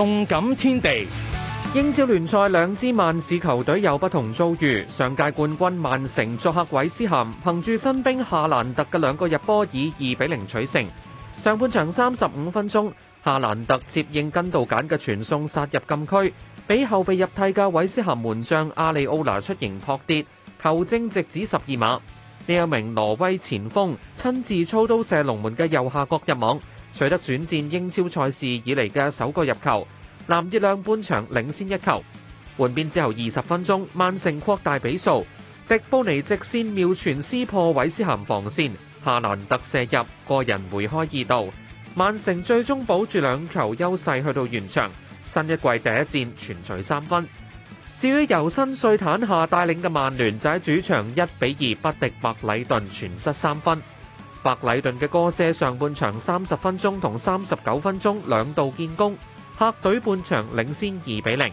動感天地，英超聯賽兩支曼市球隊有不同遭遇。上屆冠軍曼城作客韋斯咸，憑住新兵夏蘭特嘅兩個入波以二比零取勝。上半場三十五分鐘，夏蘭特接應根道簡嘅傳送殺入禁區，俾後備入替嘅韋斯咸門將阿里奧拿出迎撲跌，球證直指十二碼。呢一名挪威前鋒親自操刀射龍門嘅右下角入網。取得轉戰英超賽事以嚟嘅首個入球，藍月亮半場領先一球。換邊之後二十分鐘，曼城擴大比數，迪布尼直線妙傳撕破韋斯咸防線，夏蘭特射入個人梅開二度。曼城最終保住兩球優勢去到完場，新一季第一戰全取三分。至於由新帥坦夏帶領嘅曼聯仔，主場一比二不敵白禮頓，全失三分。白禮頓嘅哥斯上半場三十分鐘同三十九分鐘兩度建功，客隊半場領先二比零。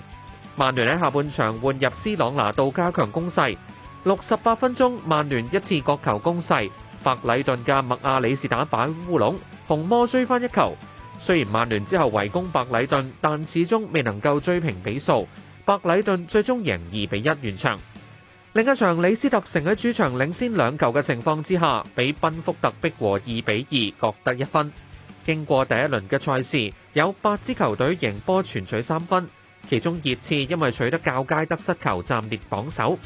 曼聯喺下半場換入斯朗拿度加強攻勢，六十八分鐘曼聯一次角球攻勢，白禮頓嘅麥阿里士打板烏龍，紅魔追翻一球。雖然曼聯之後圍攻白禮頓，但始終未能夠追平比數，白禮頓最終贏二比一完場。另一場，李斯特城喺主場領先兩球嘅情況之下，俾賓福特逼和二比二，各得一分。經過第一輪嘅賽事，有八支球隊贏波，全取三分。其中熱刺因為取得較佳得失球，暫列榜首。